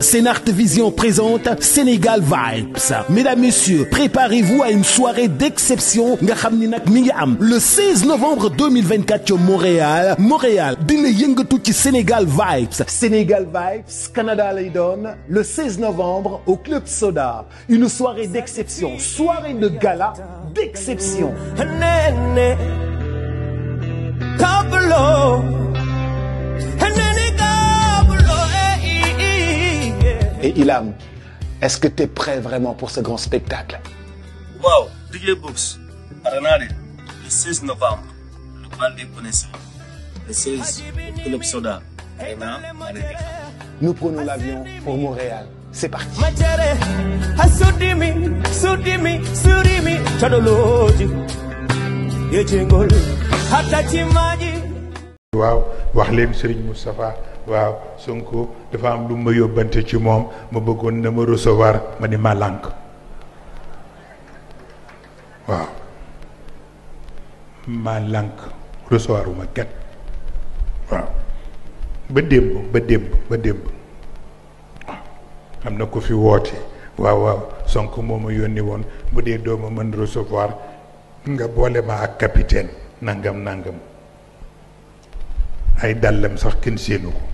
Sénart Vision présente Sénégal Vibes. Mesdames, Messieurs, préparez-vous à une soirée d'exception le 16 novembre 2024 à Montréal Montréal ying Sénégal Vibes. Sénégal Vibes Canada lay le 16 novembre au Club Soda une soirée d'exception soirée de gala d'exception. et Ilam, est-ce que tu es prêt vraiment pour ce grand spectacle Wow, DJ Books, Arenade, le 16 novembre, le bal des connaisseurs. Le 16, Club Soda, Arena, Nous prenons l'avion pour Montréal. C'est parti. Wow, Wahlem Mustapha. waaw Sonko dafa am lu ma yóbbante ci moom ma bëggoon na ma recevoir ma ni ma lànk waaw ma lànk recevoir waaw ba démb ba démb ba démb waaw na ko fi woote waaw waaw Sonko moo ma yónni woon bu dee dooma mën recevoir nga boole ma ak capitaine nangam nangam ay dàllam sax kenn séenu ko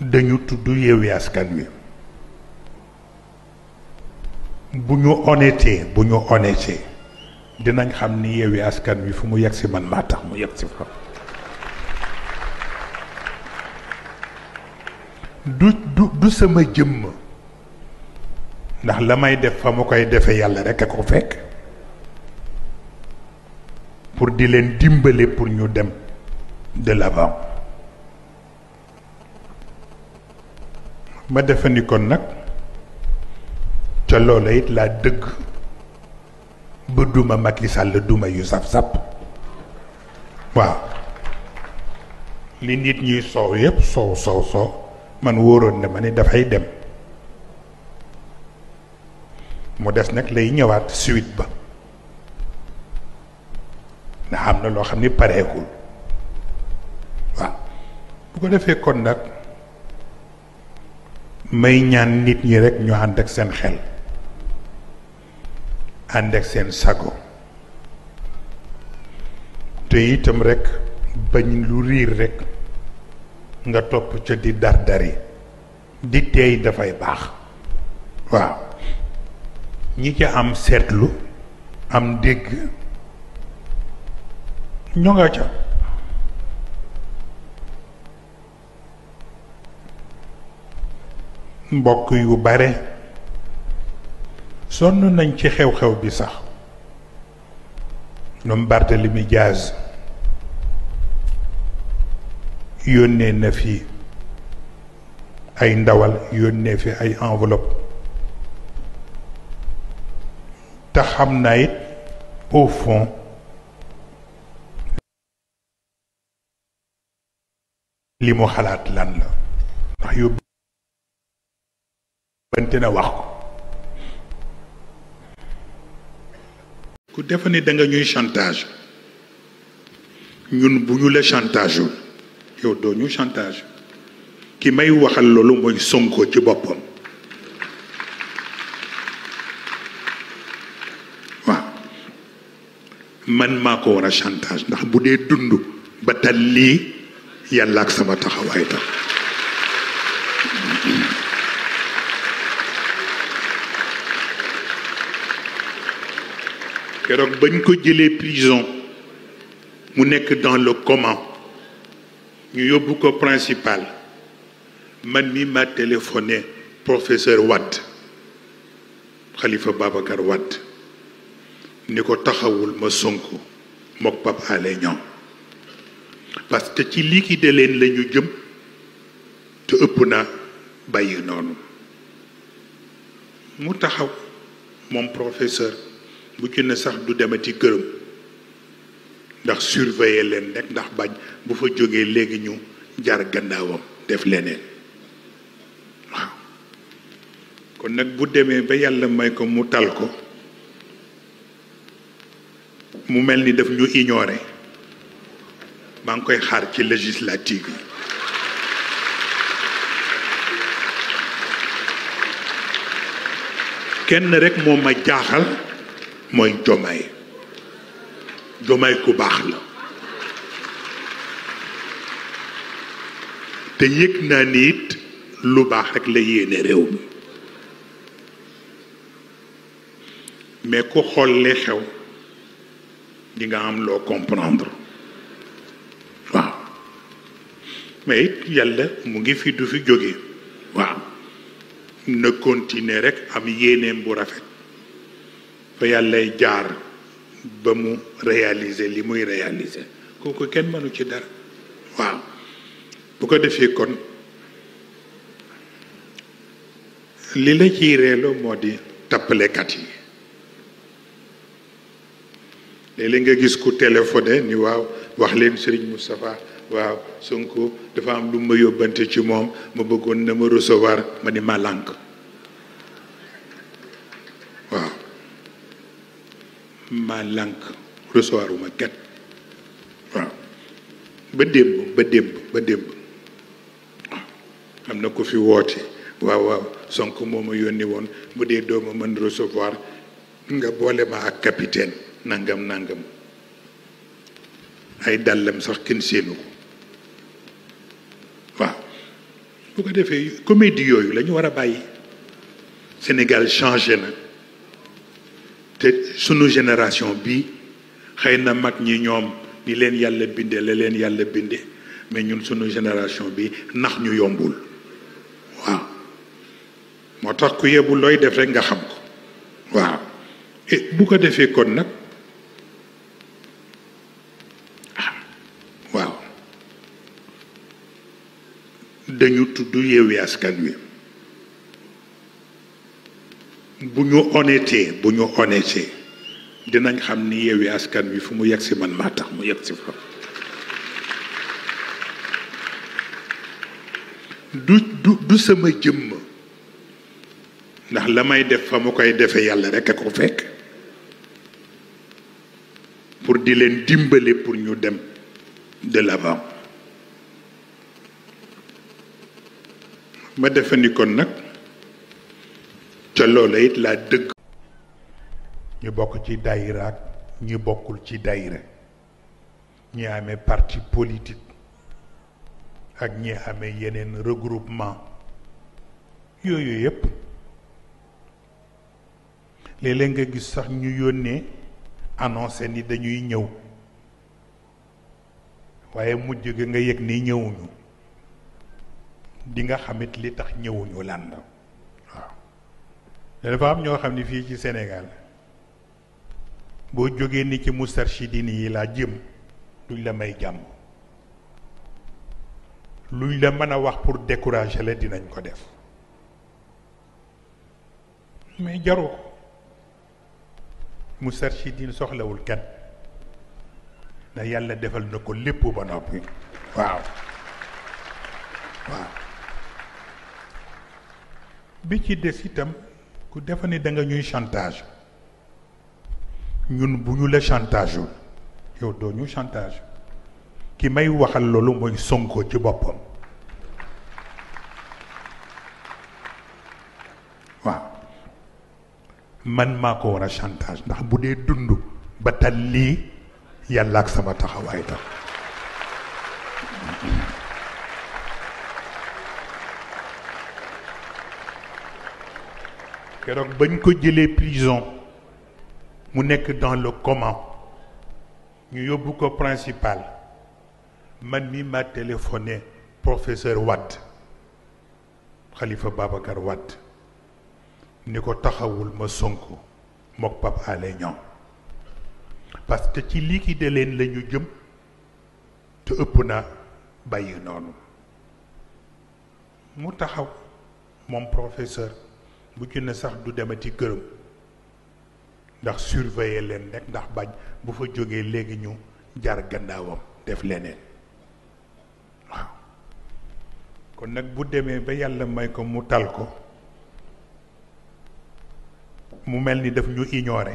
dañu tudd Yewwi Askan Wi bu ñu honnêté bu ñu honnêté dinañ xam ni Yewwi Askan Wi fu mu yegg si man maa tax mu yegg si fa du du sama jëmm ndax la may def fa mu koy defe yàlla rekk a ko fekk pour di leen dimbale pour ñu dem de ma defe ni kon nag ca loola it laa dëgg ba duma Macky Sall duma yu sap-sap waaw li nit ñuy soow yépp soow soow soow man wóoroon na ma ni dafay dem mu des nag lay ñëwaat suite ba ndax am na loo xam ni pareekul waaw bu ko defee kon nag may ñaan nit ñi rekk ñu ànd ak seen xel ànd ak seen sago te itam rekk bañ lu riir rekk nga topp ca di dardari di tey dafay baax waaw ñi ca am seetlu am dégg ñoo nga ca mbokk yu bare sonn nañ ci xew-xew bi sax ñoom Barthélemy Diaz yónnee na fi ay ndawal yónnee fi ay enveloppe te xam naa it au xalaat lan la ndax yóbbu dina wax ko. ku defe ni da nga ñuy chantage ñun bu ñu la chantage yow doo ñu chantage ki may waxal loolu mooy Sonko ci boppam waaw man maa ko war a chantage ndax bu dee dund ba tal lii yàlla ak sama taxawaay tax keroog bañ ko jëlee prison mu nekk dans le coma ñu yóbbu ko principal man mi ma téléphoné professeur Watt Khalifa Babacar Watt ni ko taxawul ma Sonko mok pap Alé ñom parce que ci liquider leen la ñu jëm te ëpp na bàyyi noonu mu taxaw moom professeur bu ci ne sax du demati gërëm ndax surveiller leen rek ndax bañ bu fa jógee léegi ñu jar gandaawam def leneen kon nag bu demee ba yàlla may ko mu tal ko mu mel ni daf ñu ignoré maa ngi koy xaar ci législative yi kenn rek moo ma jaaxal mooy jomaay jomaay ku baax la te yëg naa ni lu baax rek la yéene réew mi mais ku xool li xew di nga am loo comprendre waaw mais it yàlla mu ngi fi du fi jóge waaw na continuer rek am yéeneem bu rafet fa yàllay jaar ba mu réaliser li muy réaliser kooku kenn mënu ci dara waaw bu ko defee kon li la ciy reeloo moo di tappalekat yi léeg-léeg nga gis ku téléphoné ni waaw wax leen Serigne Moustapha waaw Sonko dafa am lu ma yóbbante ci moom ma bëggoon na ma recevoir ma ni ma lànk ma lànk recevoir uma ket waaw ba démb ba démb ba démb am na ko fi woote waaw waaw Sonko moo ma yónni woon bu dee dooma mën recevoir nga boole ma ak capitaine nangam nangam ay dàllam sax kenn séenu ko waaw bu ko defee comédie yooyu lañu war a bàyyi Sénégal changé na te sunu génération bi xëy na mag ñi ñoom ni leen yàlla bindee la leen yàlla bindee mais ñun sunu génération bi nax ñu yombul waaw moo tax ku yebu looy def rek nga xam ko waaw e, bu ko defee kon nag waaw dañu tudd yeewi askan wi bu ñu honnêté bu ñu honnêté dinañ xam ni Yewwi Askan Wi fu mu yàgg si man maa tax mu yegg si fa du du du sama jëmm ndax la may def fa mu koy defee yàlla rek a ko fekk pour di leen dimbale pour ñu dem de l'avant ma defe ni kon nag ca loola it laa dëgg ñu bokk ci dayra ak ñu bokkul ci dayre ñi ame parti politique ak ñi ame yeneen regroupement yooyu yépp léeg nga gis sax ñu yónnee annoncé ni dañuy ñëw waaye mujj gi nga yëg ni ñëwuñu di nga xamit li tax ñëwuñu lan dafa am ñoo xam ne fii ci Sénégal boo jógee ni ci mustarshidin yi laa jëm duñ la may jàmm luñ la mën a wax pour décourager la dinañ ko def mais jaru ko mustarshidin soxlawul kenn ndax yàlla defal na ko lépp ba noppi waaw waaw bi ci des itam ku defane da nga ñuy chantage ñun bu ñu la chantage yow do ñu chantage ki may waxal loolu moy Sonko ci bopam wa man mako wara chantage ndax budé dundu ba ak sama taxawaay tax keroog bañ ko jëlee prison mu nekk dans le coma ñu yóbbu ko principal man mi ma téléphoné professeur Watt, Khalifa Babacar Watt, ni ko taxawul ma Sonko mok pap Alé ñom parce que ci liquider leen la ñu jëm te ëpp na bàyyi nonu mu taxaw mom professeur bu ci ne sax du demati këram ndax surveiller leen ndax bañ bu fa jógee léegi ñu jar gannaawam def leneen waaw kon nag bu demee ba yàlla may ko mu tal ko mu mel ni daf ñu ignoré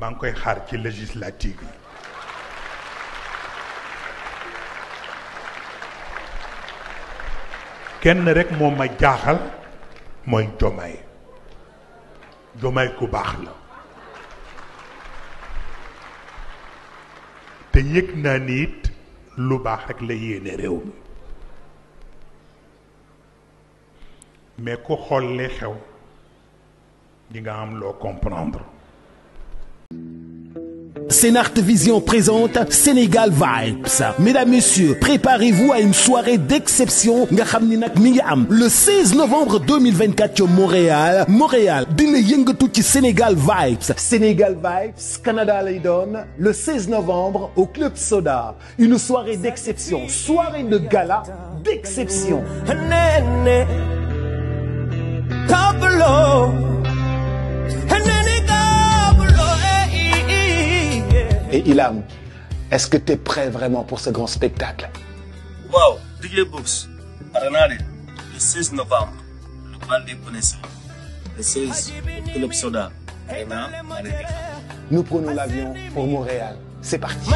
maa ngi koy xaar ci législative yi kenn rek moom ma jaaxal mooy jomaay jomaay ku baax la te yëg naa ni lu baax rek la yéene réew mi mais ku xool xew di nga am loo comprendre Sénart Vision présente Sénégal Vibes mesdames messieurs préparez-vous à une soirée d'exception le 16 novembre 2024 au Montréal Montréal dina yëngatu Sénégal Vibes Sénégal Vibes Canada Lydon. le 16 novembre au Club Soda une soirée d'exception soirée de gala d'exception et Ilham, est-ce que tu es prêt vraiment pour ce grand spectacle Wow, DJ Books, Arenale, le 16 novembre, le bal des connaissances. Le 16, novembre, Nous prenons l'avion pour Montréal. C'est parti.